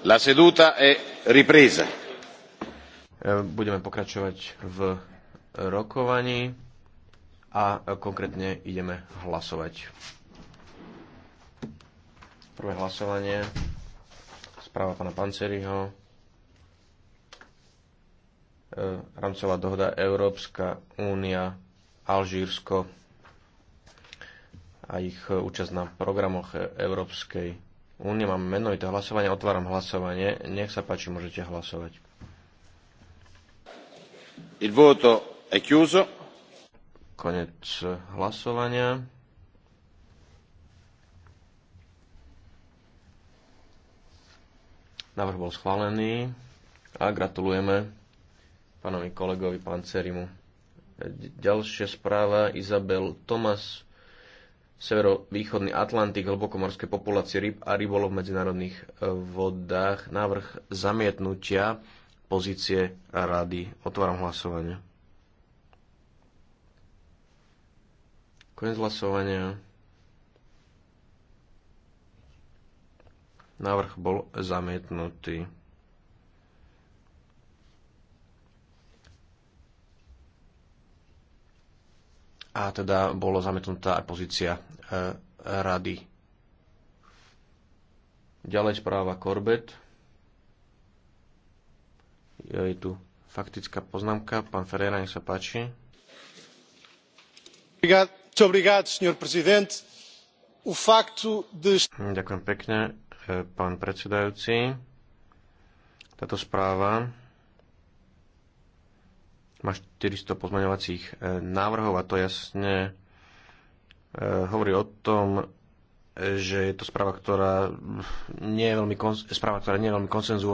La seduta è ripresa. Eh, budeme pokračovať v rokovaní a eh, konkrétne ideme hlasovať. Prvé hlasovanie, správa pána Panceriho, eh, rámcová dohoda Európska únia, Alžírsko a ich účasť na programoch Európskej únie. Máme menovité hlasovanie. Otváram hlasovanie. Nech sa páči, môžete hlasovať. Il voto è chiuso. Konec hlasovania. Návrh bol schválený a gratulujeme pánovi kolegovi Cerimu. Ďalšia správa Izabel Tomas severovýchodný Atlantik, hlbokomorské populácie ryb a rybolov v medzinárodných e, vodách. Návrh zamietnutia pozície rady. Otváram hlasovanie. Koniec hlasovania. Návrh bol zamietnutý. a teda bolo zametnutá aj pozícia e, rady. Ďalej správa Korbet. Je tu faktická poznámka. Pán Ferreira, nech sa páči. Ďakujem pekne, e, pán predsedajúci. Táto správa má 400 pozmaňovacích e, návrhov a to jasne e, hovorí o tom, e, že je to správa, ktorá nie je veľmi, správa, ktorá nie je veľmi konsenzu.